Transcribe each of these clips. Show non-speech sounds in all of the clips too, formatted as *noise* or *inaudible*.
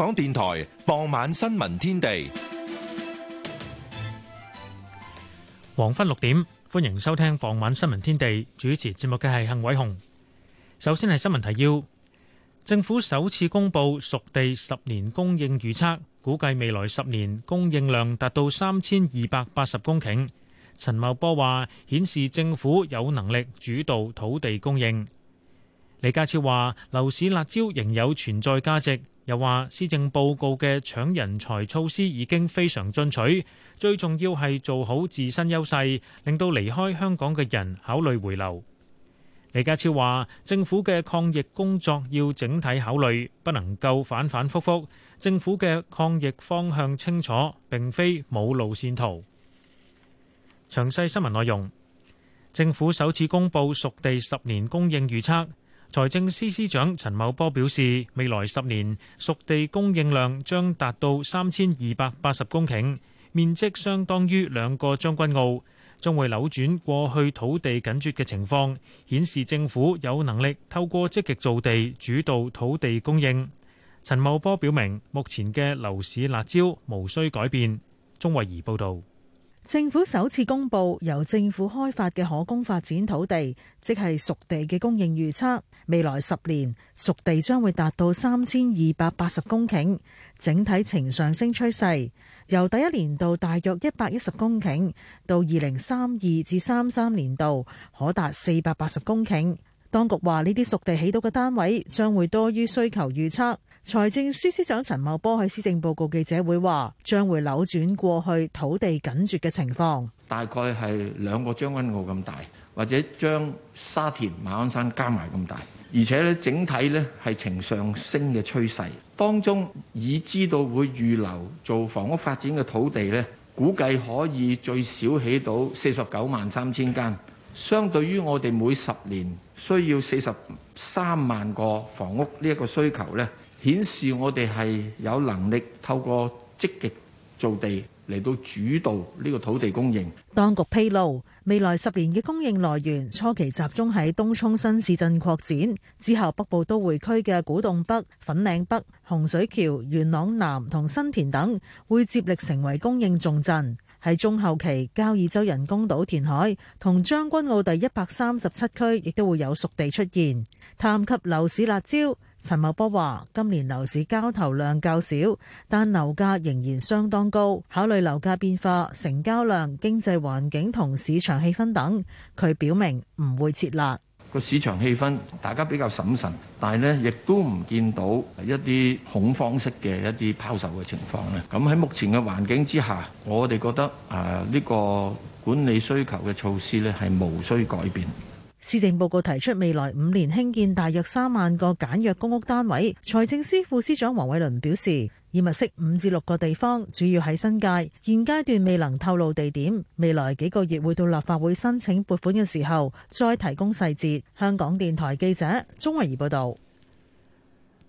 香港電台傍晚新聞天地，黃昏六點，歡迎收聽傍晚新聞天地。主持節目嘅係幸偉雄。首先係新聞提要：政府首次公布熟地十年供應預測，估計未來十年供應量達到三千二百八十公頃。陳茂波話，顯示政府有能力主導土地供應。李家超話，樓市辣招仍有存在價值。又話，施政報告嘅搶人才措施已經非常進取，最重要係做好自身優勢，令到離開香港嘅人考慮回流。李家超話：政府嘅抗疫工作要整體考慮，不能夠反反覆覆。政府嘅抗疫方向清楚，並非冇路線圖。詳細新聞內容，政府首次公布熟地十年供應預測。財政司司長陳茂波表示，未來十年熟地供應量將達到三千二百八十公頃，面積相當於兩個將軍澳，將會扭轉過去土地緊缺嘅情況，顯示政府有能力透過積極造地主導土地供應。陳茂波表明，目前嘅樓市辣招無需改變。鍾慧儀報導，政府首次公布由政府開發嘅可供發展土地，即係熟地嘅供應預測。未來十年熟地將會達到三千二百八十公頃，整體呈上升趨勢。由第一年度大約一百一十公頃，到二零三二至三三年度可達四百八十公頃。當局話呢啲熟地起到嘅單位將會多於需求預測。財政司司長陳茂波喺施政報告記者會話，將會扭轉過去土地緊絀嘅情況。大概係兩個將軍澳咁大，或者將沙田馬鞍山加埋咁大。而且咧，整體咧係呈上升嘅趨勢，當中已知道會預留做房屋發展嘅土地咧，估計可以最少起到四十九萬三千間，相對於我哋每十年需要四十三萬個房屋呢一個需求咧，顯示我哋係有能力透過積極造地。嚟到主導呢個土地供應。當局披露未來十年嘅供應來源，初期集中喺東涌新市鎮擴展，之後北部都會區嘅古洞北、粉嶺北、洪水橋、元朗南同新田等會接力成為供應重鎮。喺中後期，交椅洲人工島填海同將軍澳第一百三十七區亦都會有熟地出現。談及樓市辣招。陳茂波話：今年樓市交投量較少，但樓價仍然相當高。考慮樓價變化、成交量、經濟環境同市場氣氛等，佢表明唔會撤辣。個市場氣氛大家比較審慎，但係呢亦都唔見到一啲恐慌式嘅一啲拋售嘅情況咧。咁喺目前嘅環境之下，我哋覺得誒呢個管理需求嘅措施呢係無需改變。施政報告提出未來五年興建大約三萬個簡約公屋單位,財政司副司長黃偉倫表示,已物色五至六個地方主要喺新界,現階段未能透露地點,未來幾個月會到立法會申請撥款嘅時候再提供細節,香港電台記者鍾慧儀報道。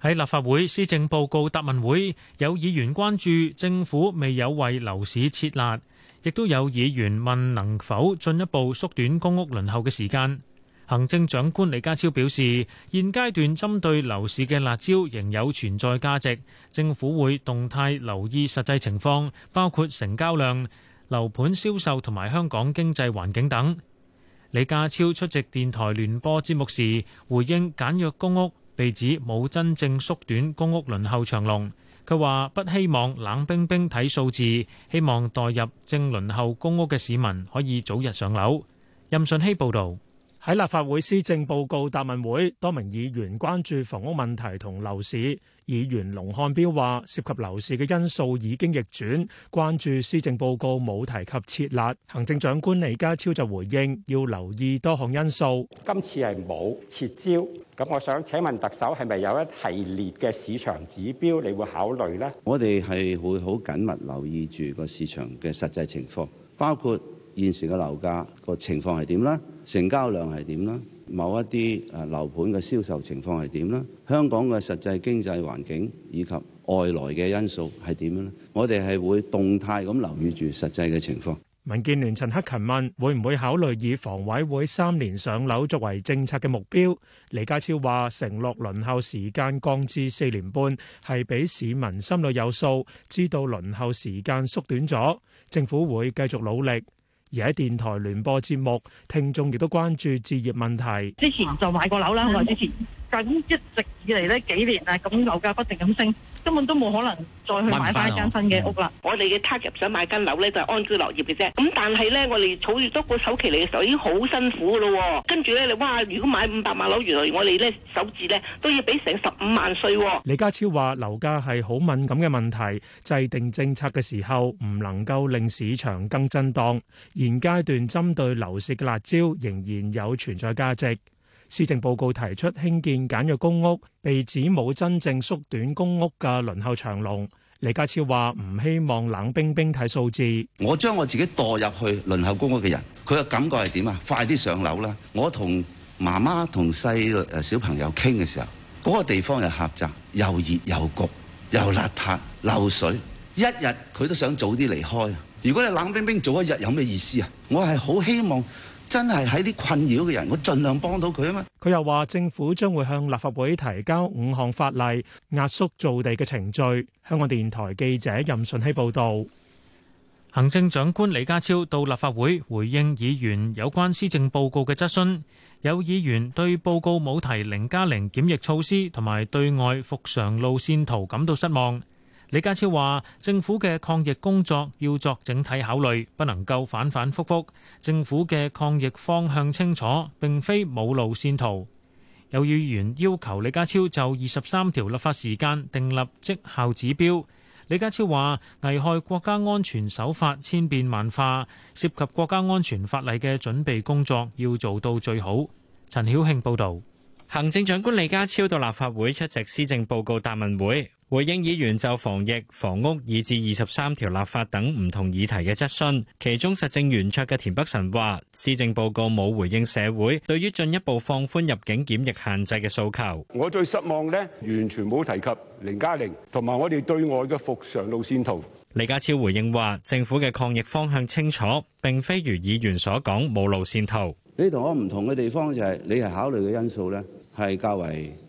喺立法會施政報告答問會,有議員關注政府未有為樓市設辣,亦都有議員問能否進一步縮短公屋輪候嘅時間,行政長官李家超表示，現階段針對樓市嘅辣招仍有存在價值，政府會動態留意實際情況，包括成交量、樓盤銷售同埋香港經濟環境等。李家超出席電台聯播節目時，回應簡約公屋被指冇真正縮短公屋輪候長龍，佢話不希望冷冰冰睇數字，希望代入正輪候公屋嘅市民可以早日上樓。任順希報導。喺立法會施政報告答問會，多名議員關注房屋問題同樓市。議員龍漢標話：涉及樓市嘅因素已經逆轉，關注施政報告冇提及設立。行政長官李家超就回應：要留意多項因素。今次係冇撤招，咁我想請問特首係咪有一系列嘅市場指標，你會考慮呢？我哋係會好緊密留意住個市場嘅實際情況，包括。現時嘅樓價個情況係點啦？成交量係點啦？某一啲誒樓盤嘅銷售情況係點啦？香港嘅實際經濟環境以及外來嘅因素係點樣咧？我哋係會動態咁留意住實際嘅情況。民建聯陳克勤問：會唔會考慮以房委會三年上樓作為政策嘅目標？李家超話：承諾輪候時間降至四年半係俾市民心裏有數，知道輪候時間縮短咗，政府會繼續努力。而喺電台聯播節目，聽眾亦都關注置業問題。之前就買過樓啦，好耐之前。 *laughs* 但係咁一直以嚟咧，幾年啊，咁樓價不停咁升，根本都冇可能再去買返一間新嘅屋啦。我哋嘅 target 想買間樓咧，就係安居樂業嘅啫。咁但係咧，我哋儲多個首期嚟嘅時候已經好辛苦噶咯。跟住咧，你話，如果買五百萬樓，原來我哋咧首置咧都要俾成十五萬稅。李家超話：樓價係好敏感嘅問題，制定政策嘅時候唔能夠令市場更震盪。現階段針對樓市嘅辣招仍然有存在價值。施政報告提出興建簡約公屋，被指冇真正縮短公屋嘅輪候長龍。李家超話：唔希望冷冰冰睇數字。我將我自己墮入去輪候公屋嘅人，佢嘅感覺係點啊？快啲上樓啦！我同媽媽同細誒小朋友傾嘅時候，嗰個地方又狹窄，又熱又焗又邋遢，漏水，一日佢都想早啲離開。如果你冷冰冰早一日，有咩意思啊？我係好希望。真係喺啲困擾嘅人，我盡量幫到佢吖嘛。佢又話政府將會向立法會提交五項法例壓縮造地嘅程序。香港電台記者任順熙報導。行政長官李家超到立法會回應議員有關施政報告嘅質詢，有議員對報告冇提零加零檢疫措施同埋對外復常路線圖感到失望。李家超話：政府嘅抗疫工作要作整體考慮，不能夠反反覆覆。政府嘅抗疫方向清楚，並非冇路線圖。有議員要求李家超就二十三條立法時間訂立績效指標。李家超話：危害國家安全手法千變萬化，涉及國家安全法例嘅準備工作要做到最好。陳曉慶報導。行政長官李家超到立法會出席施政報告答問會。回應議員就防疫、房屋、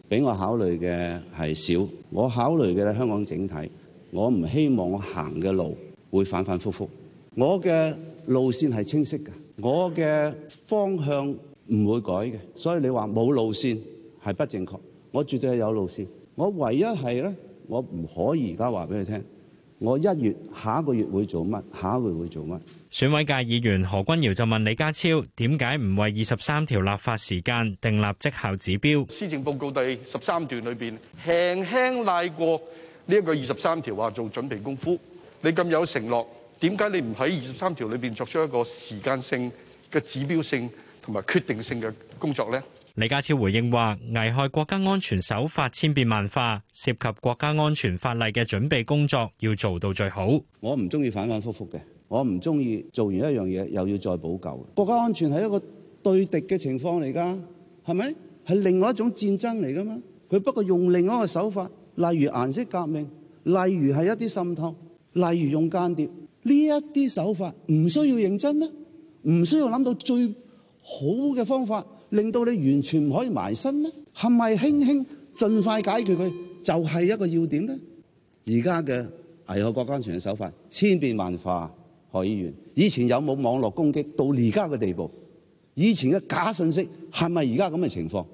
俾我考慮嘅係少，我考慮嘅係香港整體，我唔希望我行嘅路會反反覆覆，我嘅路線係清晰嘅，我嘅方向唔會改嘅，所以你話冇路線係不正確，我絕對係有路線，我唯一係咧，我唔可以而家話俾你聽，我一月下一個月會做乜，下一個月會做乜。選委界議員何君堯就問李家超：點解唔為二十三條立法時間訂立績效指標？施政報告第十三段裏邊輕輕賴過呢一個二十三條，話做準備功夫。你咁有承諾，點解你唔喺二十三條裏邊作出一個時間性嘅指標性同埋決定性嘅工作呢？李家超回應話：危害國家安全手法千變萬化，涉及國家安全法例嘅準備工作要做到最好。我唔中意反反复覆嘅。我唔中意做完一樣嘢又要再補救。國家安全係一個對敵嘅情況嚟㗎，係咪？係另外一種戰爭嚟㗎嘛？佢不過用另外一個手法，例如顏色革命，例如係一啲滲透，例如用間諜呢一啲手法，唔需要認真咩？唔需要諗到最好嘅方法，令到你完全唔可以埋身咩？係咪輕輕盡快解決佢就係一個要點呢？而家嘅危害國家安全嘅手法千變萬化。海以前有冇網絡攻擊到而家嘅地步？以前嘅假信息係咪而家咁嘅情況？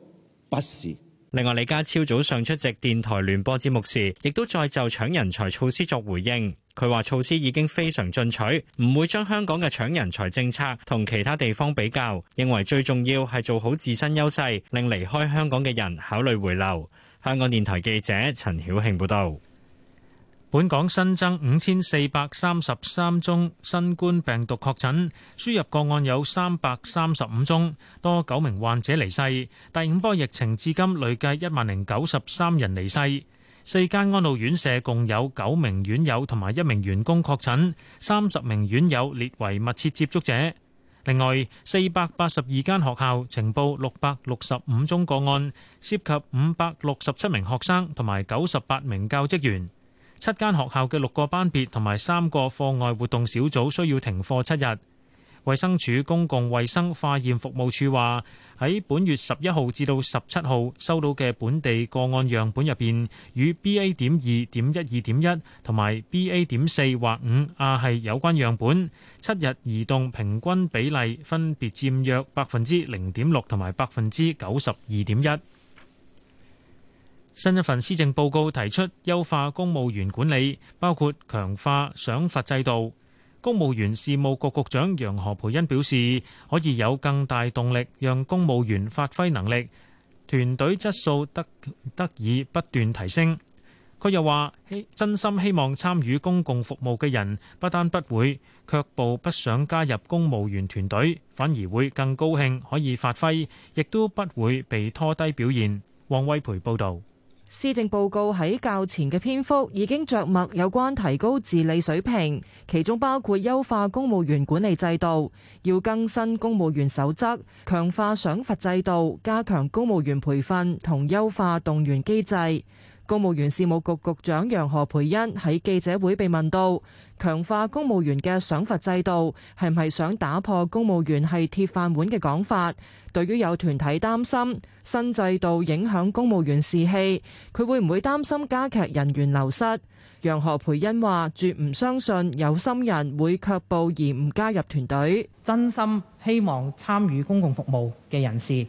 不是。另外，李家超早上出席電台聯播節目時，亦都再就搶人才措施作回應。佢話措施已經非常進取，唔會將香港嘅搶人才政策同其他地方比較，認為最重要係做好自身優勢，令離開香港嘅人考慮回流。香港電台記者陳曉慶報道。本港新增五千四百三十三宗新冠病毒確診，輸入個案有三百三十五宗，多九名患者離世。第五波疫情至今累計一萬零九十三人離世。四間安老院舍共有九名院友同埋一名員工確診，三十名院友列為密切接觸者。另外，四百八十二間學校呈報六百六十五宗個案，涉及五百六十七名學生同埋九十八名教職員。七間學校嘅六個班別同埋三個課外活動小組需要停課七日。衛生署公共衛生化驗服務處話，喺本月十一號至到十七號收到嘅本地個案樣本入邊，與 BA 點二點一二點一同埋 BA 點四或五亞系有關樣本，七日移動平均比例分別佔約百分之零點六同埋百分之九十二點一。新一份施政報告提出優化公務員管理，包括強化賞罰制度。公務員事務局局長楊何蓓茵表示，可以有更大動力，讓公務員發揮能力，團隊質素得得以不斷提升。佢又話，真心希望參與公共服務嘅人不單不會卻步，不想加入公務員團隊，反而會更高興可以發揮，亦都不會被拖低表現。王威培報導。施政報告喺較前嘅篇幅已經着墨有關提高治理水平，其中包括優化公務員管理制度，要更新公務員守則，強化賞罰制度，加強公務員培訓同優化動員機制。公務員事務局局長楊何培恩喺記者會被問到，強化公務員嘅賞罰制度係唔係想打破公務員係鐵飯碗嘅講法？對於有團體擔心新制度影響公務員士氣，佢會唔會擔心加劇人員流失？楊何培恩話：絕唔相信有心人會卻步而唔加入團隊。真心希望參與公共服務嘅人士，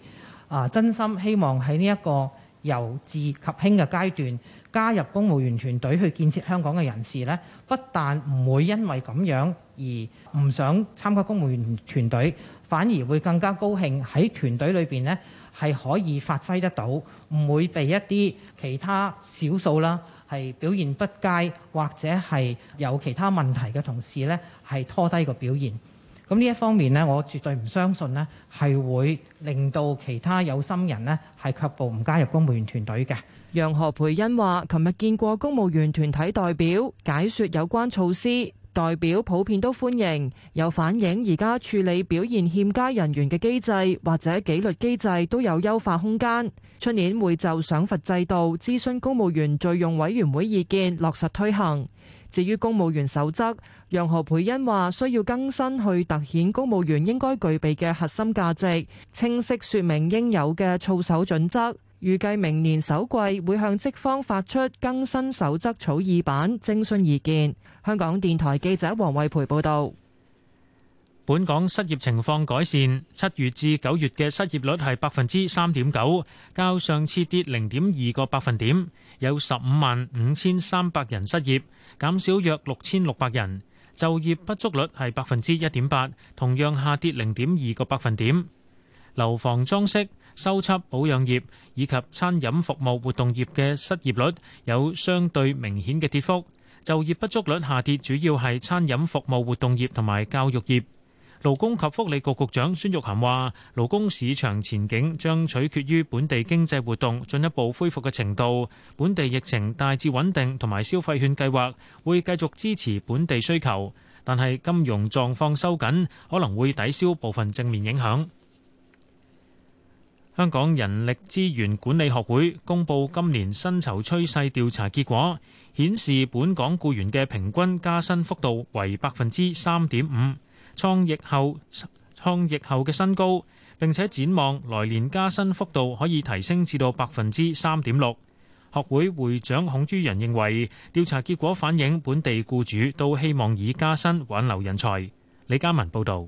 啊，真心希望喺呢一個由自及興嘅階段，加入公務員團隊去建設香港嘅人士呢，不但唔會因為咁樣，而唔想參加公務員團隊，反而會更加高興喺團隊裏面，係可以發揮得到，唔會被一啲其他少數啦係表現不佳，或者係有其他問題嘅同事呢係拖低個表現。咁呢一方面呢，我絕對唔相信呢係會令到其他有心人呢係卻步唔加入公務員團隊嘅。楊何蓓茵話，琴日見過公務員團體代表解説有關措施，代表普遍都歡迎。有反映而家處理表現欠佳人員嘅機制或者紀律機制都有優化空間。出年會就賞罰制度諮詢公務員敍用委員會意見，落實推行。至於公務員守則，楊何蓓茵話需要更新去突顯公務員應該具備嘅核心價值，清晰説明應有嘅操守準則。預計明年首季會向職方發出更新守則草擬版徵詢意見。香港電台記者黃慧培報道。本港失業情況改善，七月至九月嘅失業率係百分之三點九，較上次跌零點二個百分點。有十五萬五千三百人失業，減少約六千六百人。就業不足率係百分之一點八，同樣下跌零點二個百分點。樓房裝飾、修葺、保養業以及餐飲服務活動業嘅失業率有相對明顯嘅跌幅。就業不足率下跌主要係餐飲服務活動業同埋教育業。勞工及福利局局長孫玉菡話，勞工市場前景將取決於本地經濟活動進一步恢復嘅程度。本地疫情大致穩定，同埋消費券計劃會繼續支持本地需求，但係金融狀況收緊，可能會抵消部分正面影響。香港人力資源管理學會公布今年薪酬趨勢調查結果，顯示本港雇員嘅平均加薪幅度為百分之三點五，創疫後，創疫後嘅新高，並且展望來年加薪幅度可以提升至到百分之三點六。學會會長孔于人認為，調查結果反映本地雇主都希望以加薪挽留人才。李嘉文報導。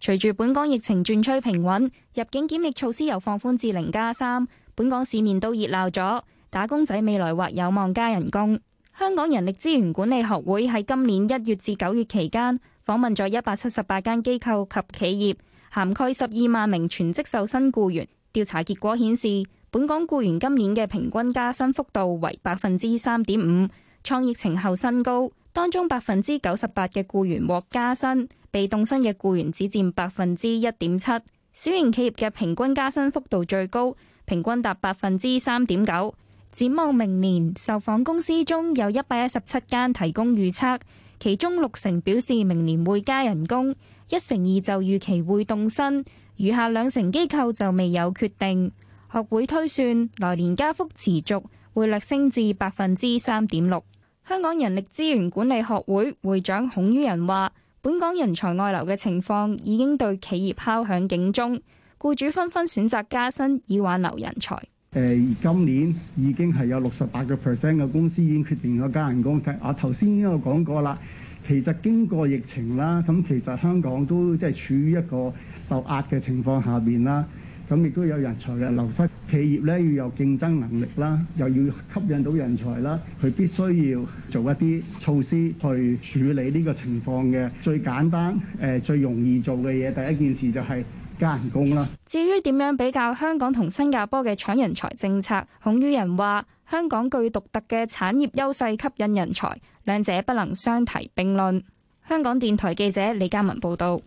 隨住本港疫情轉趨平穩，入境檢疫措施又放寬至零加三，3，本港市面都熱鬧咗。打工仔未來或有望加人工。香港人力資源管理學會喺今年一月至九月期間，訪問咗一百七十八間機構及企業，涵蓋十二萬名全職受薪僱員。調查結果顯示，本港僱員今年嘅平均加薪幅度為百分之三點五，創疫情後新高。當中百分之九十八嘅僱員獲加薪，被凍薪嘅僱員只佔百分之一點七。小型企業嘅平均加薪幅度最高，平均達百分之三點九。展望明年，受訪公司中有一百一十七間提供預測。其中六成表示明年會加人工，一成二就預期會凍薪，餘下兩成機構就未有決定。學會推算，來年加幅持續會略升至百分之三點六。香港人力資源管理學會會，會長孔于仁話本港人才外流嘅情況已經對企業敲響警鐘，僱主紛紛選擇加薪以挽留人才。誒，今年已經係有六十八個 percent 嘅公司已經決定咗加人工嘅。我頭先已經有講過啦，其實經過疫情啦，咁其實香港都即係處於一個受壓嘅情況下面啦。咁亦都有人才嘅流失，企業咧要有競爭能力啦，又要吸引到人才啦，佢必須要做一啲措施去處理呢個情況嘅。最簡單誒，最容易做嘅嘢，第一件事就係、是。間工啦。至於點樣比較香港同新加坡嘅搶人才政策，孔於人話：香港具獨特嘅產業優勢吸引人才，兩者不能相提並論。香港電台記者李嘉文報道。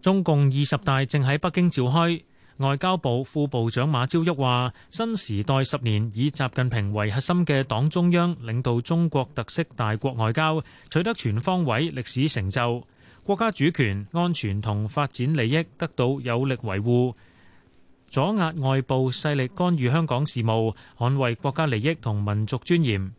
中共二十大正喺北京召開，外交部副部長馬朝旭話：新時代十年，以習近平為核心嘅黨中央領導中國特色大國外交，取得全方位歷史成就。國家主權、安全同發展利益得到有力維護，阻壓外部勢力干預香港事務，捍衛國家利益同民族尊嚴。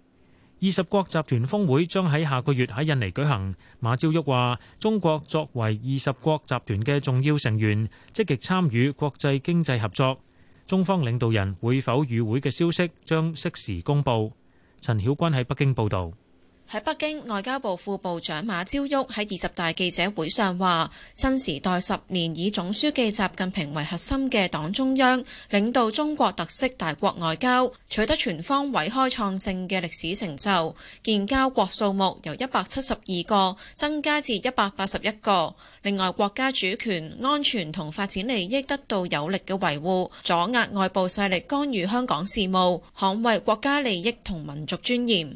二十國集團峰會將喺下個月喺印尼舉行。馬朝旭話：中國作為二十國集團嘅重要成員，積極參與國際經濟合作。中方領導人會否與會嘅消息將適時公佈。陳曉君喺北京報導。喺北京，外交部副部長馬朝旭喺二十大記者會上話，新時代十年以總書記習近平為核心嘅黨中央領導中國特色大國外交，取得全方位開創性嘅歷史成就，建交國數目由一百七十二個增加至一百八十一個，另外，國家主權、安全同發展利益得到有力嘅維護，阻壓外部勢力干預香港事務，捍衛國家利益同民族尊嚴。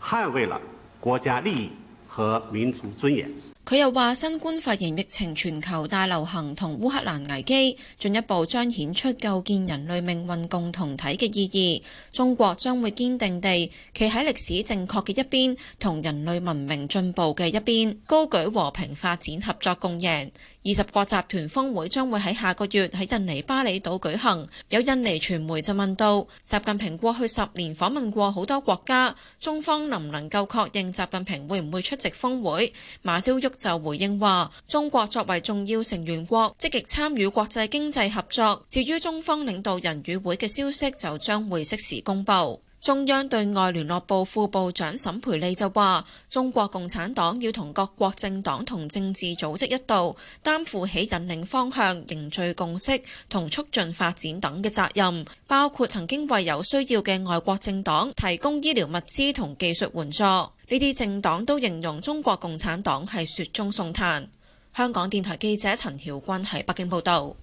捍衛了國家利益和民族尊嚴。佢又話：新冠肺炎疫情全球大流行同烏克蘭危機，進一步彰顯出構建人類命運共同體嘅意義。中國將會堅定地企喺歷史正確嘅一邊，同人類文明進步嘅一邊，高舉和平發展、合作共贏。二十國集團峰會將會喺下個月喺印尼巴厘島舉行，有印尼傳媒就問到，習近平過去十年訪問過好多國家，中方能唔能夠確認習近平會唔會出席峰會？馬朝旭就回應話，中國作為重要成員國，積極參與國際經濟合作，至於中方領導人與會嘅消息，就將會適時公佈。中央對外聯絡部副部長沈培利就話：中國共產黨要同各國政黨同政治組織一道，擔負起引領方向、凝聚共識同促進發展等嘅責任，包括曾經為有需要嘅外國政黨提供醫療物資同技術援助。呢啲政黨都形容中國共產黨係雪中送炭。香港電台記者陳曉君喺北京報導。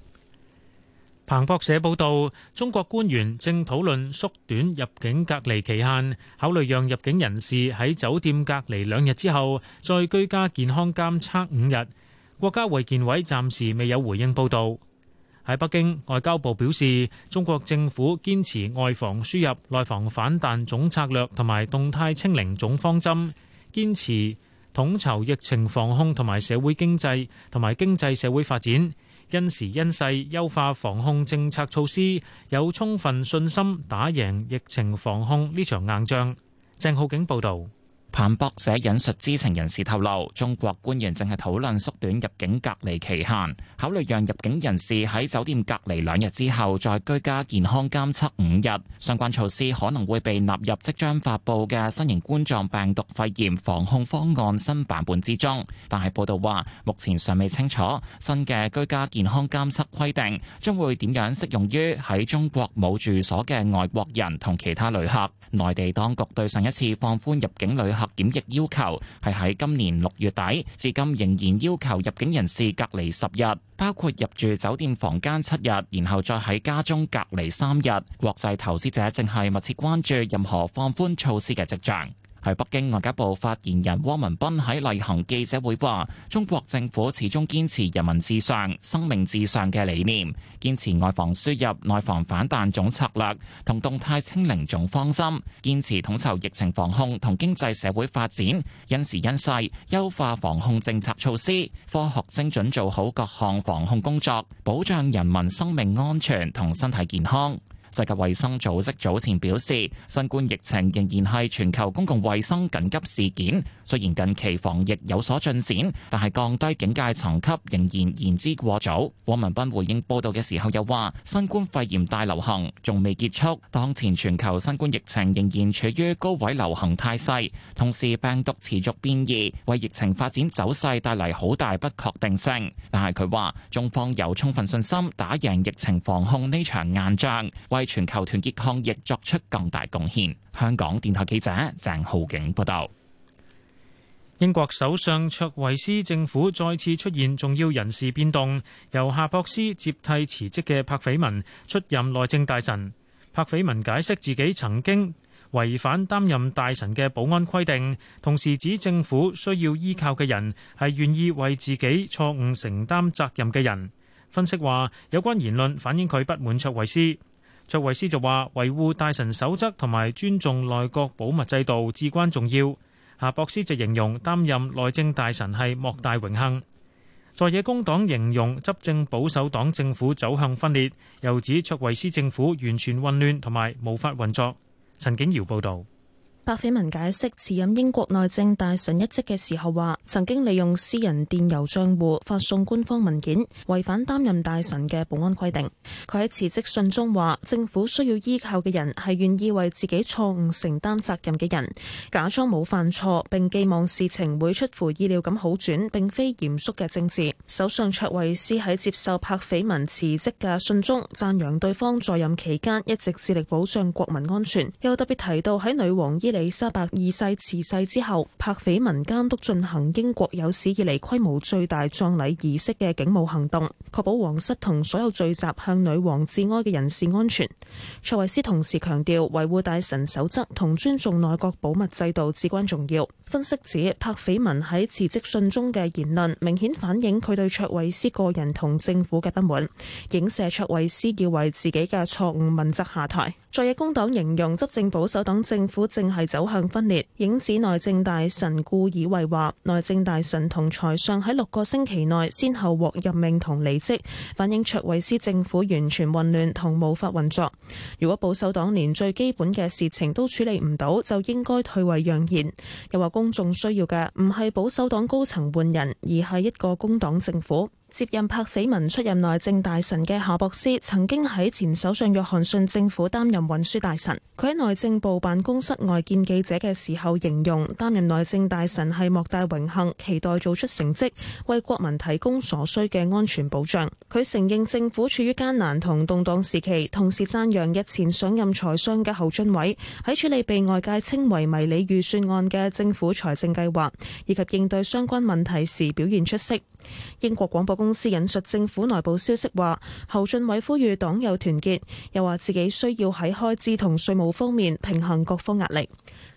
彭博社報道，中國官員正討論縮短入境隔離期限，考慮讓入境人士喺酒店隔離兩日之後再居家健康監測五日。國家衛健委暫時未有回應報道。喺北京，外交部表示，中國政府堅持外防輸入、內防反彈總策略同埋動態清零總方針，堅持統籌疫情防控同埋社會經濟同埋經濟社會發展。因時因勢優化防控政策措施，有充分信心打贏疫情防控呢場硬仗。鄭浩景報導。彭博社引述知情人士透露，中國官員正係討論縮短入境隔離期限，考慮讓入境人士喺酒店隔離兩日之後再居家健康監測五日。相關措施可能會被納入即將發布嘅新型冠狀病毒肺炎防控方案新版本之中。但係報道話，目前尚未清楚新嘅居家健康監測規定將會點樣適用於喺中國冇住所嘅外國人同其他旅客。內地當局對上一次放寬入境旅客檢疫要求係喺今年六月底，至今仍然要求入境人士隔離十日，包括入住酒店房間七日，然後再喺家中隔離三日。國際投資者正係密切關注任何放寬措施嘅跡象。喺北京外交部發言人汪文斌喺例行記者會話：中國政府始終堅持人民至上、生命至上嘅理念，堅持外防輸入、內防反彈總策略同動態清零總方針，堅持統籌疫情防控同經濟社會發展，因時因勢優化防控政策措施，科學精準做好各項防控工作，保障人民生命安全同身體健康。世界衛生組織早前表示，新冠疫情仍然係全球公共衛生緊急事件。雖然近期防疫有所進展，但係降低警戒層級仍然言之過早。汪文斌回應報道嘅時候又話：新冠肺炎大流行仲未結束，當前全球新冠疫情仍然處於高位流行態勢，同時病毒持續變異，為疫情發展走勢帶嚟好大不確定性。但係佢話，中方有充分信心打贏疫情防控呢場硬仗。為全球團結抗疫作出更大貢獻。香港電台記者鄭浩景報道：英國首相卓維斯政府再次出現重要人事變動，由夏博斯接替辭職嘅柏斐文出任內政大臣。柏斐文解釋自己曾經違反擔任大臣嘅保安規定，同時指政府需要依靠嘅人係願意為自己錯誤承擔責任嘅人。分析話有關言論反映佢不滿卓維斯。卓惠斯就話：維護大臣守則同埋尊重內閣保密制度至關重要。夏博斯就形容擔任內政大臣係莫大榮幸。在野工黨形容執政保守黨政府走向分裂，又指卓惠斯政府完全混亂同埋無法運作。陳景瑤報道。白斐文解釋辭任英國內政大臣一職嘅時候話，曾經利用私人電郵賬戶發送官方文件，違反擔任大臣嘅保安規定。佢喺辭職信中話，政府需要依靠嘅人係願意為自己錯誤承擔責任嘅人，假裝冇犯錯，並寄望事情會出乎意料咁好轉，並非嚴肅嘅政治。首相卓慧思喺接受白斐文辭職嘅信中讚揚對方在任期間一直致力保障國民安全，又特別提到喺女王伊。李莎白二世辭世之後，柏斐民監督進行英國有史以嚟規模最大葬禮儀式嘅警務行動，確保皇室同所有聚集向女王致哀嘅人士安全。卓維斯同時強調，維護大臣守則同尊重內閣保密制度至關重要。分析指，柏斐民喺辭職信中嘅言論明顯反映佢對卓維斯個人同政府嘅不滿，影射卓維斯要為自己嘅錯誤問責下台。在野工黨形容執政保守黨政府正係走向分裂，影子內政大臣故爾為話，內政大臣同財相喺六個星期內先後獲任命同離職，反映卓慧思政府完全混亂同無法運作。如果保守黨連最基本嘅事情都處理唔到，就應該退位讓賢。又話公眾需要嘅唔係保守黨高層換人，而係一個工黨政府。接任柏斐文出任內政大臣嘅夏博斯曾經喺前首相約翰遜政府擔任運輸大臣。佢喺內政部辦公室外見記者嘅時候形容，擔任內政大臣係莫大榮幸，期待做出成績，為國民提供所需嘅安全保障。佢承認政府處於艱難同動盪時期，同時讚揚日前上任財相嘅侯俊偉喺處理被外界稱為迷你預算案嘅政府財政計劃以及應對相關問題時表現出色。英國廣播公司引述政府內部消息話，侯俊偉呼籲黨友團結，又話自己需要喺開支同稅務方面平衡各方壓力。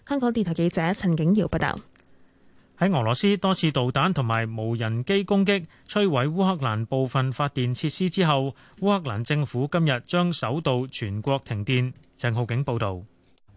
香港電台記者陳景瑤報道。喺俄羅斯多次導彈同埋無人機攻擊摧毀烏克蘭部分發電設施之後，烏克蘭政府今日將首度全國停電，鄭浩景報道。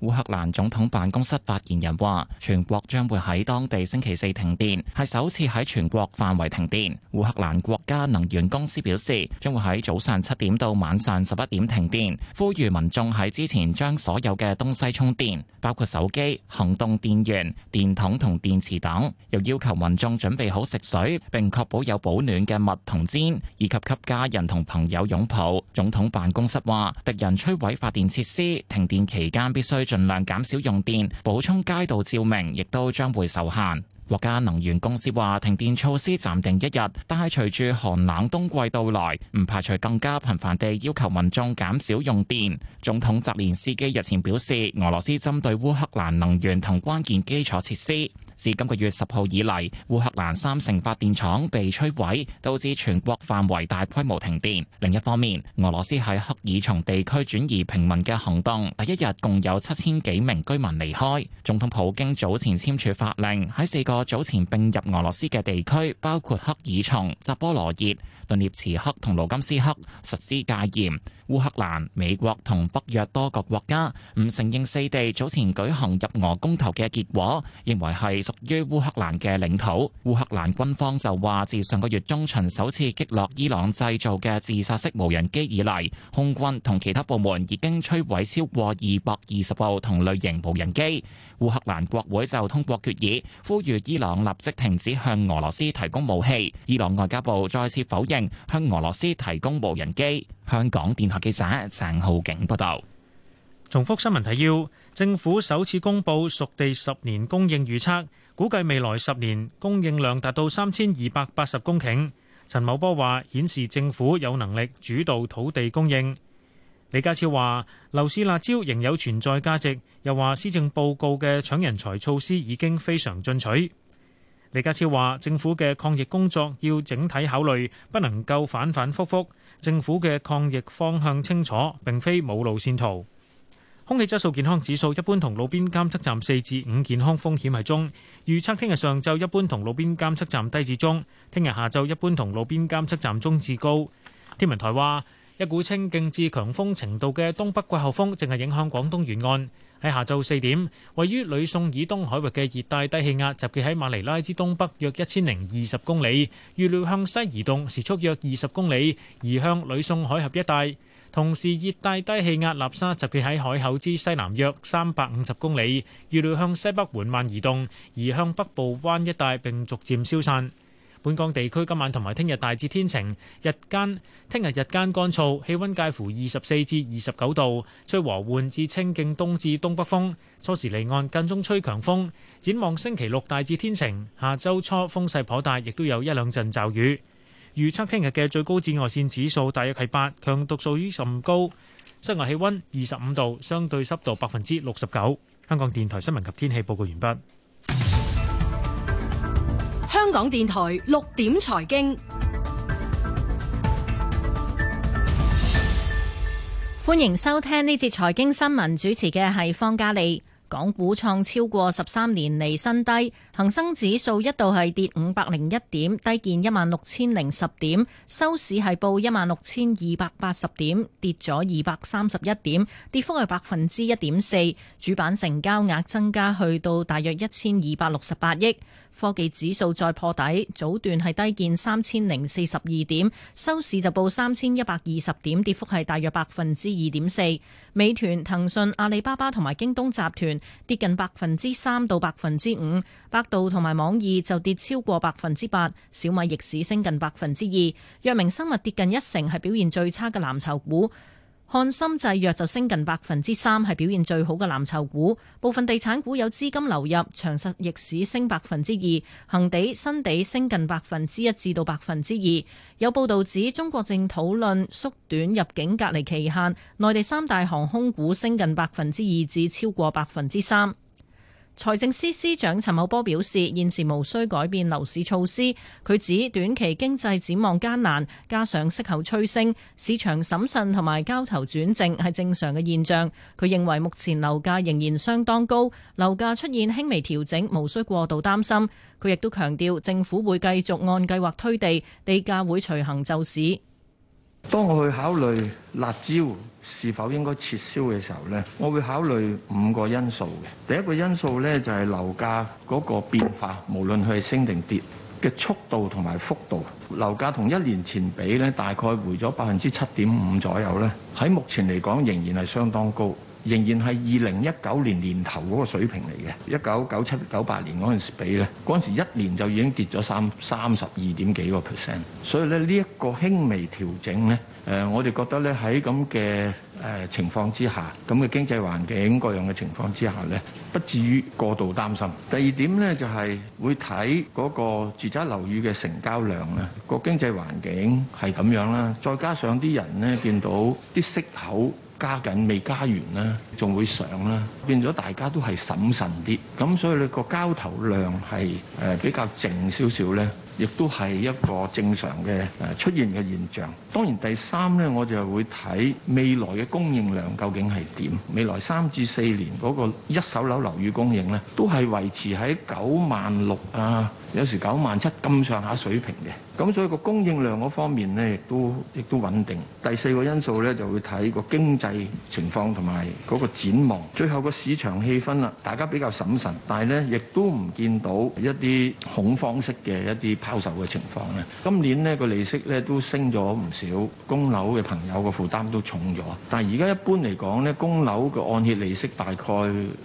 烏克蘭總統辦公室發言人話：全國將會喺當地星期四停電，係首次喺全國範圍停電。烏克蘭國家能源公司表示，將會喺早上七點到晚上十一點停電，呼籲民眾喺之前將所有嘅東西充電，包括手機、行動電源、電筒同電池等。又要求民眾準備好食水，並確保有保暖嘅物同氈，以及給家人同朋友擁抱。總統辦公室話：敵人摧毀發電設施，停電期間必須盡量減少用電，補充街道照明，亦都將會受限。國家能源公司話，停電措施暫定一日，但係隨住寒冷冬季到來，唔排除更加頻繁地要求民眾減少用電。總統澤連斯基日前表示，俄羅斯針對烏克蘭能源同關鍵基礎設施。自今個月十號以嚟，烏克蘭三成發電廠被摧毀，導致全國範圍大規模停電。另一方面，俄羅斯喺克爾松地區轉移平民嘅行動，第一日共有七千幾名居民離開。總統普京早前簽署法令，喺四個早前併入俄羅斯嘅地區，包括克爾松、扎波羅熱、頓涅茨克同盧甘斯克，實施戒嚴。烏克蘭、美國同北約多個國家唔承認四地早前舉行入俄公投嘅結果，認為係屬於烏克蘭嘅領土。烏克蘭軍方就話，自上個月中旬首次擊落伊朗製造嘅自殺式無人機以嚟，空軍同其他部門已經摧毀超過二百二十部同類型無人機。烏克蘭國會就通過決議，呼籲伊朗立即停止向俄羅斯提供武器。伊朗外交部再次否認向俄羅斯提供無人機。香港電台記者鄭浩景報道。重複新聞提要：政府首次公布熟地十年供應預測，估計未來十年供應量達到三千二百八十公頃。陳茂波話，顯示政府有能力主導土地供應。李家超話：樓市辣招仍有存在價值。又話施政報告嘅搶人才措施已經非常進取。李家超話：政府嘅抗疫工作要整體考慮，不能夠反反覆覆。政府嘅抗疫方向清楚，並非冇路線圖。空氣質素健康指數一般同路邊監測站四至五，健康風險係中。預測聽日上晝一般同路邊監測站低至中，聽日下晝一般同路邊監測站中至高。天文台話，一股清勁至強風程度嘅東北季候風，淨係影響廣東沿岸。喺下晝四點，位於呂宋以東海域嘅熱帶低氣壓，集結喺馬尼拉之東北約一千零二十公里，預料向西移動，時速約二十公里，移向呂宋海峽一帶。同時，熱帶低氣壓納沙集結喺海口之西南約三百五十公里，預料向西北緩慢移動，移向北部灣一帶並逐漸消散。本港地區今晚同埋聽日大致天晴，日間聽日日間乾燥，氣温介乎二十四至二十九度，吹和緩至清勁東至東北風。初時離岸，間中吹強風。展望星期六大致天晴，下周初風勢頗大，亦都有一兩陣驟雨。預測聽日嘅最高紫外線指數大約係八，強度屬於甚高。室外氣温二十五度，相對濕度百分之六十九。香港電台新聞及天氣報告完畢。香港電台六點財經，歡迎收聽呢節財經新聞。主持嘅係方嘉利。港股創超過十三年嚟新低，恒生指數一度係跌五百零一點，低見一萬六千零十點，收市係報一萬六千二百八十點，跌咗二百三十一點，跌幅係百分之一點四。主板成交額增加去到大約一千二百六十八億。科技指數再破底，早段係低見三千零四十二點，收市就報三千一百二十點，跌幅係大約百分之二點四。美團、騰訊、阿里巴巴同埋京東集團跌近百分之三到百分之五，百度同埋網易就跌超過百分之八，小米逆市升近百分之二，藥明生物跌近一成，係表現最差嘅藍籌股。翰森製藥就升近百分之三，係表現最好嘅藍籌股。部分地產股有資金流入，長實逆市升百分之二，恒地、新地升近百分之一至到百分之二。有報道指中國正討論縮短入境隔離期限。內地三大航空股升近百分之二至超過百分之三。財政司司長陳茂波表示，現時無需改變樓市措施。佢指短期經濟展望艱難，加上息口趨升，市場審慎同埋交投轉正係正常嘅現象。佢認為目前樓價仍然相當高，樓價出現輕微調整，無需過度擔心。佢亦都強調，政府會繼續按計劃推地，地價會隨行就市。當我去考慮辣招是否應該撤銷嘅時候呢，我會考慮五個因素嘅。第一個因素呢，就係樓價嗰個變化，無論佢係升定跌嘅速度同埋幅度。樓價同一年前比呢，大概回咗百分之七點五左右呢，喺目前嚟講，仍然係相當高。仍然係二零一九年年頭嗰個水平嚟嘅，一九九七九八年嗰陣時比咧，嗰陣時一年就已經跌咗三三十二點幾個 percent，所以咧呢一個輕微調整咧，誒我哋覺得咧喺咁嘅誒情況之下，咁嘅經濟環境各樣嘅情況之下咧，不至於過度擔心。第二點咧就係會睇嗰個住宅樓宇嘅成交量啦，個經濟環境係咁樣啦，再加上啲人咧見到啲息口。加緊未加完啦，仲會上啦，變咗大家都係審慎啲，咁所以你個交投量係誒比較靜少少咧，亦都係一個正常嘅誒出現嘅現象。當然第三咧，我就會睇未來嘅供應量究竟係點？未來三至四年嗰個一手樓樓宇供應咧，都係維持喺九萬六啊。有時九萬七咁上下水平嘅，咁所以個供應量嗰方面呢，亦都亦都穩定。第四個因素呢，就會睇個經濟情況同埋嗰個展望。最後個市場氣氛啦，大家比較審慎，但係呢，亦都唔見到一啲恐慌式嘅一啲拋售嘅情況咧。今年呢個利息呢，都升咗唔少，供樓嘅朋友個負擔都重咗。但係而家一般嚟講呢，供樓個按揭利息大概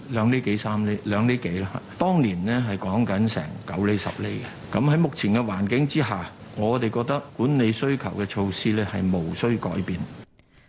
兩厘幾三厘、兩厘幾啦。當年咧係講緊成九厘十厘嘅，咁喺目前嘅環境之下，我哋覺得管理需求嘅措施咧係無需改變。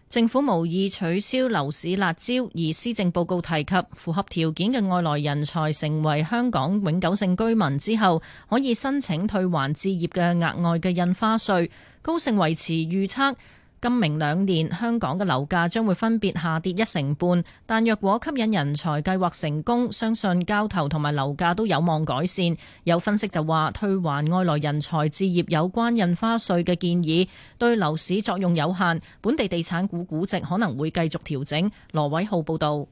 政府無意取消樓市辣招，而施政報告提及符合條件嘅外來人才成為香港永久性居民之後，可以申請退還置業嘅額外嘅印花稅。高盛維持預測。今明兩年，香港嘅樓價將會分別下跌一成半。但若果吸引人才計劃成功，相信交投同埋樓價都有望改善。有分析就話，退還外來人才置業有關印花稅嘅建議，對樓市作用有限。本地地產股估值可能會繼續調整。羅偉浩報導。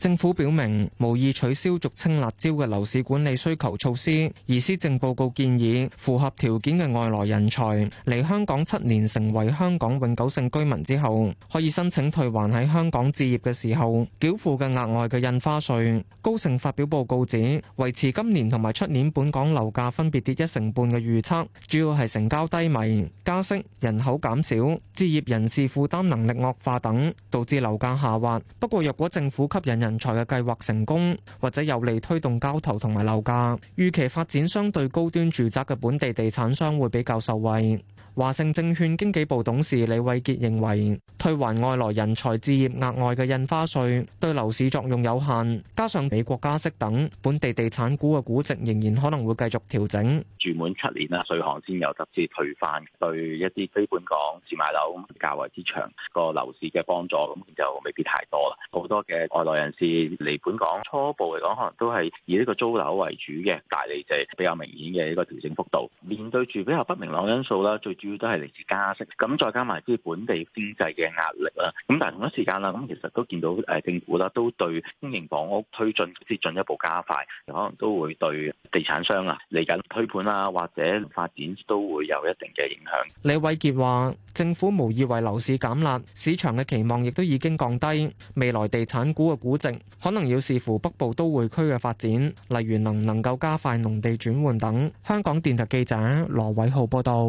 政府表明無意取消俗稱辣椒嘅樓市管理需求措施，而施政報告建議符合條件嘅外來人才嚟香港七年成為香港永久性居民之後可以申請退還喺香港置業嘅時候繳付嘅額外嘅印花稅。高盛發表報告指，維持今年同埋出年本港樓價分別跌一成半嘅預測，主要係成交低迷、加息、人口減少、置業人士負擔能力惡化等，導致樓價下滑。不過若果政府吸引人，人才嘅計劃成功，或者有利推動交投同埋樓價，預期發展相對高端住宅嘅本地地產商會比較受惠。華盛證券經紀部董事李慧杰認為，退還外來人才置業額外嘅印花稅對樓市作用有限，加上美國加息等，本地地產股嘅估值仍然可能會繼續調整。住滿七年啦，稅項先有得先退翻對一啲非本港自買樓較為之長個樓市嘅幫助，咁就未必太多啦。好多嘅外來人士嚟本港，初步嚟講可能都係以呢個租樓為主嘅，代理就比較明顯嘅一個調整幅度。面對住比較不明朗因素啦，最主。都係嚟自加息，咁再加埋啲本地經濟嘅壓力啦。咁但係同一時間啦，咁其實都見到誒，政府啦都對公營房屋推進即係進一步加快，可能都會對地產商啊嚟緊推盤啊，或者發展都會有一定嘅影響。李偉杰話，政府無意為樓市減辣，市場嘅期望亦都已經降低。未來地產股嘅估值可能要視乎北部都會區嘅發展，例如能唔能夠加快農地轉換等。香港電台記者羅偉浩報道。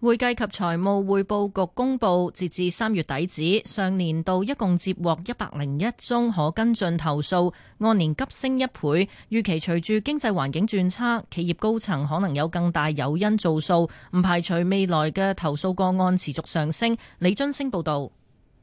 會計及財務匯報局公佈，截至三月底止，上年度一共接獲一百零一宗可跟進投訴，按年急升一倍。預期隨住經濟環境轉差，企業高層可能有更大誘因造數，唔排除未來嘅投訴個案持續上升。李津星報道。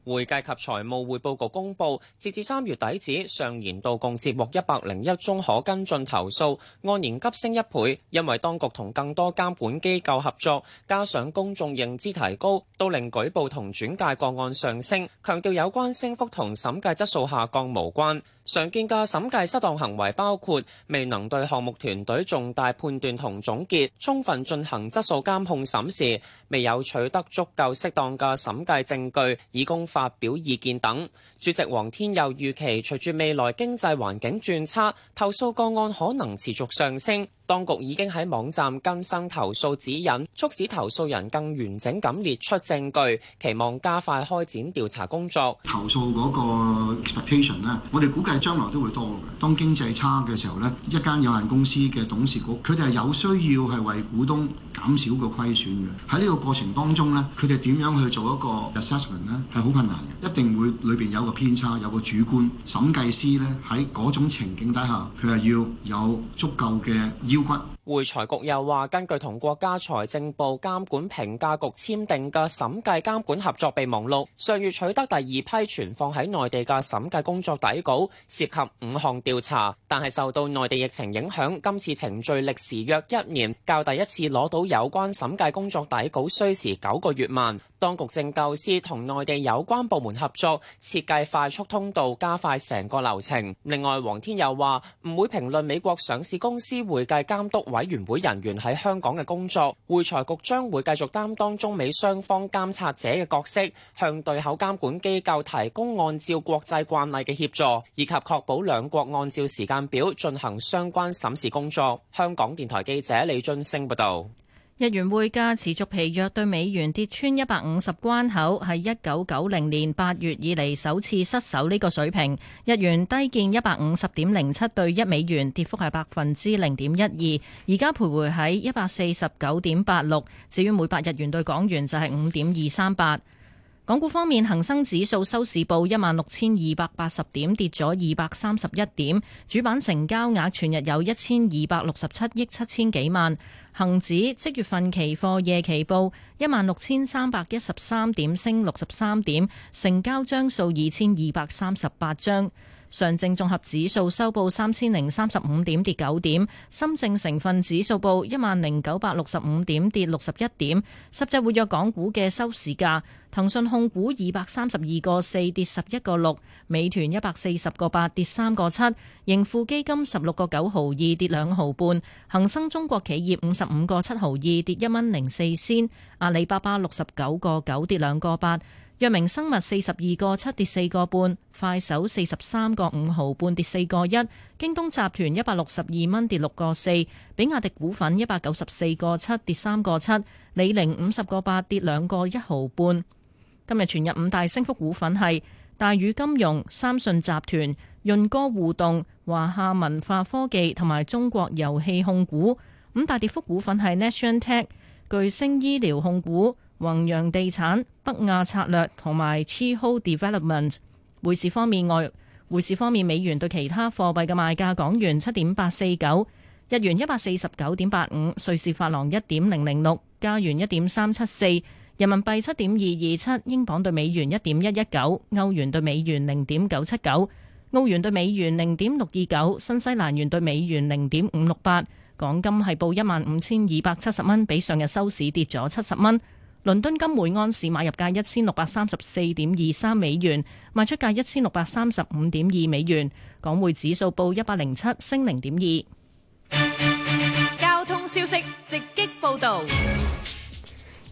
會計及財務匯報局公布，截至三月底止，上年度共接獲一百零一宗可跟進投訴，按年急升一倍，因為當局同更多監管機構合作，加上公眾認知提高，都令舉報同轉介個案上升。強調有關升幅同審計質素下降無關。常見嘅審計失當行為包括未能對項目團隊重大判斷同總結充分進行質素監控審視，未有取得足夠適當嘅審計證據以供發表意見等。主席黃天佑預期，隨住未來經濟環境轉差，投訴個案可能持續上升。當局已經喺網站更新投訴指引，促使投訴人更完整咁列出證據，期望加快開展調查工作。投訴嗰個 expectation 咧，我哋估計將來都會多嘅。當經濟差嘅時候呢，一間有限公司嘅董事局，佢哋係有需要係為股東減少個虧損嘅。喺呢個過程當中呢，佢哋點樣去做一個 assessment 呢？係好困難嘅，一定會裏邊有個偏差，有個主觀。審計師呢，喺嗰種情景底下，佢係要有足夠嘅。會財局又話，根據同國家財政部監管評價局簽訂嘅審計監管合作備忘錄，上月取得第二批存放喺內地嘅審計工作底稿，涉及五項調查。但係受到內地疫情影響，今次程序歷時約一年，較第一次攞到有關審計工作底稿需時九個月慢。當局正構思同內地有關部門合作，設計快速通道，加快成個流程。另外，黃天佑話唔會評論美國上市公司會計。監督委員會人員喺香港嘅工作，會財局將會繼續擔當中美雙方監察者嘅角色，向對口監管機構提供按照國際慣例嘅協助，以及確保兩國按照時間表進行相關審視工作。香港電台記者李津星報道。日元匯價持續疲弱，對美元跌穿一百五十關口，係一九九零年八月以嚟首次失守呢個水平。日元低見一百五十點零七對一美元，跌幅係百分之零點一二，而家徘徊喺一百四十九點八六。至於每百日元對港元就係五點二三八。港股方面，恒生指數收市報一萬六千二百八十點，跌咗二百三十一點。主板成交額全日有一千二百六十七億七千幾萬。恒指即月份期貨夜期報一萬六千三百一十三點，升六十三點，成交張數二千二百三十八張。上證綜合指數收報三千零三十五點，跌九點；深證成分指數報一萬零九百六十五點，跌六十一點。十隻活躍港股嘅收市價：騰訊控股二百三十二個四跌十一個六；美團一百四十個八跌三個七；盈富基金十六個九毫二跌兩毫半；恒生中國企業五十五個七毫二跌一蚊零四仙；阿里巴巴六十九個九跌兩個八。藥明生物四十二個七跌四個半，快手四十三個五毫半跌四個一，京東集團一百六十二蚊跌六個四，比亞迪股份一百九十四個七跌三個七，李寧五十個八跌兩個一毫半。今日全日五大升幅股份係大宇金融、三信集團、潤歌互動、華夏文化科技同埋中國遊戲控股。五大跌幅股份係 National Tech、巨星醫療控股。宏洋地產、北亞策略同埋 Treehold Development。匯市方面，外匯市方面，美元對其他貨幣嘅賣價：港元七點八四九，日元一百四十九點八五，瑞士法郎一點零零六，加元一點三七四，人民幣七點二二七，英鎊對美元一點一一九，歐元對美元零點九七九，澳元對美元零點六二九，新西蘭元對美元零點五六八。港金係報一萬五千二百七十蚊，比上日收市跌咗七十蚊。倫敦金每安士買入價一千六百三十四點二三美元，賣出價一千六百三十五點二美元。港匯指數報一百零七，升零點二。交通消息直擊報道。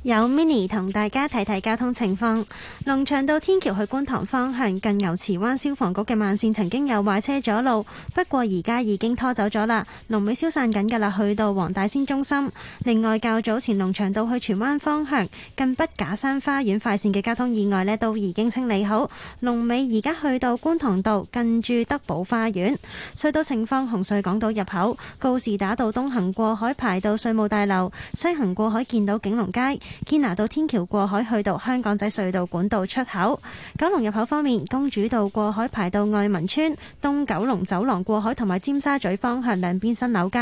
有 mini 同大家睇睇交通情況。龍翔道天橋去觀塘方向，近牛池灣消防局嘅慢線曾經有壞車阻路，不過而家已經拖走咗啦。龍尾消散緊㗎啦，去到黃大仙中心。另外較早前龍翔道去荃灣方向，近北假山花園快線嘅交通意外呢都已經清理好。龍尾而家去到觀塘道，近住德寶花園隧道情況，紅隧港島入口，告士打道東行過海排到稅務大樓，西行過海見到景隆街。堅拿道天橋過海去到香港仔隧道管道出口；九龍入口方面，公主道過海排到愛民村；東九龍走廊過海同埋尖沙咀方向兩邊新樓街；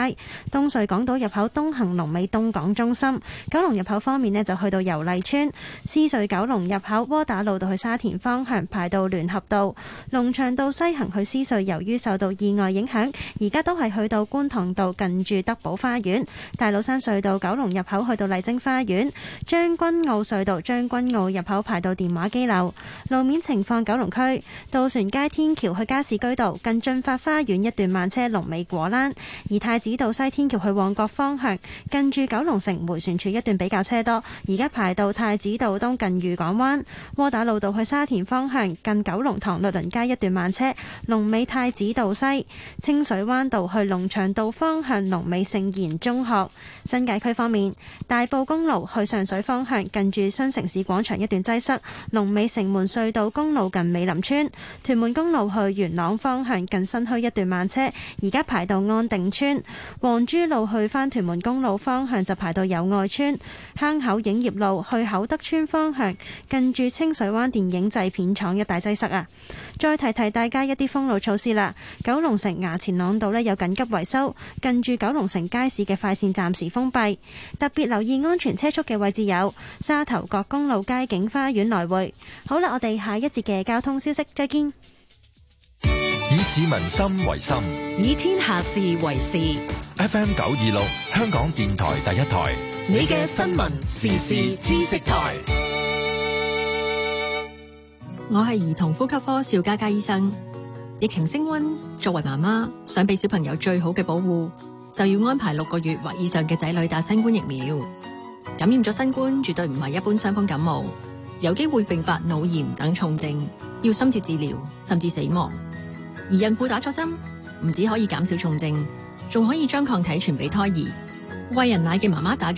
東隧港島入口東行龍尾東港中心；九龍入口方面呢就去到油麗邨；獅隧九龍入口窩打老道去沙田方向排到聯合道；龍翔道西行去獅隧，由於受到意外影響，而家都係去到觀塘道近住德寶花園；大老山隧道九龍入口去到麗晶花園。將軍澳隧道將軍澳入口排到電話機樓，路面情況九龍區渡船街天橋去加士居道近駿發花園一段慢車，龍尾果欄；而太子道西天橋去旺角方向近住九龍城迴旋處一段比較車多，而家排到太子道東近愉港灣，窩打老道去沙田方向近九龍塘律倫街一段慢車，龍尾太子道西，清水灣道去龍翔道方向龍尾盛賢中學。新界區方面，大埔公路去上水方向近住新城市廣場一段擠塞，龍尾城門隧道公路近美林村，屯門公路去元朗方向近新墟一段慢車，而家排到安定村，黃珠路去返屯門公路方向就排到友愛村，坑口影業路去厚德村方向近住清水灣電影製片廠一段擠塞啊。再提提大家一啲封路措施啦，九龍城衙前朗道呢有緊急維修，近住九龍城街市嘅快線暫時封。封閉，特別留意安全車速嘅位置有沙頭角公路街景花園來回。好啦，我哋下一節嘅交通消息，再見。以市民心為心，以天下事為事。F M 九二六，香港電台第一台，你嘅新聞時事知識台。我係兒童呼吸科邵嘉嘉醫生。疫情升温，作為媽媽，想俾小朋友最好嘅保護。就要安排六個月或以上嘅仔女打新冠疫苗。感染咗新冠，絕對唔係一般傷風感冒，有機會併發腦炎等重症，要深切治療，甚至死亡。而孕婦打咗針，唔止可以減少重症，仲可以將抗體傳俾胎兒。喂人奶嘅媽媽打。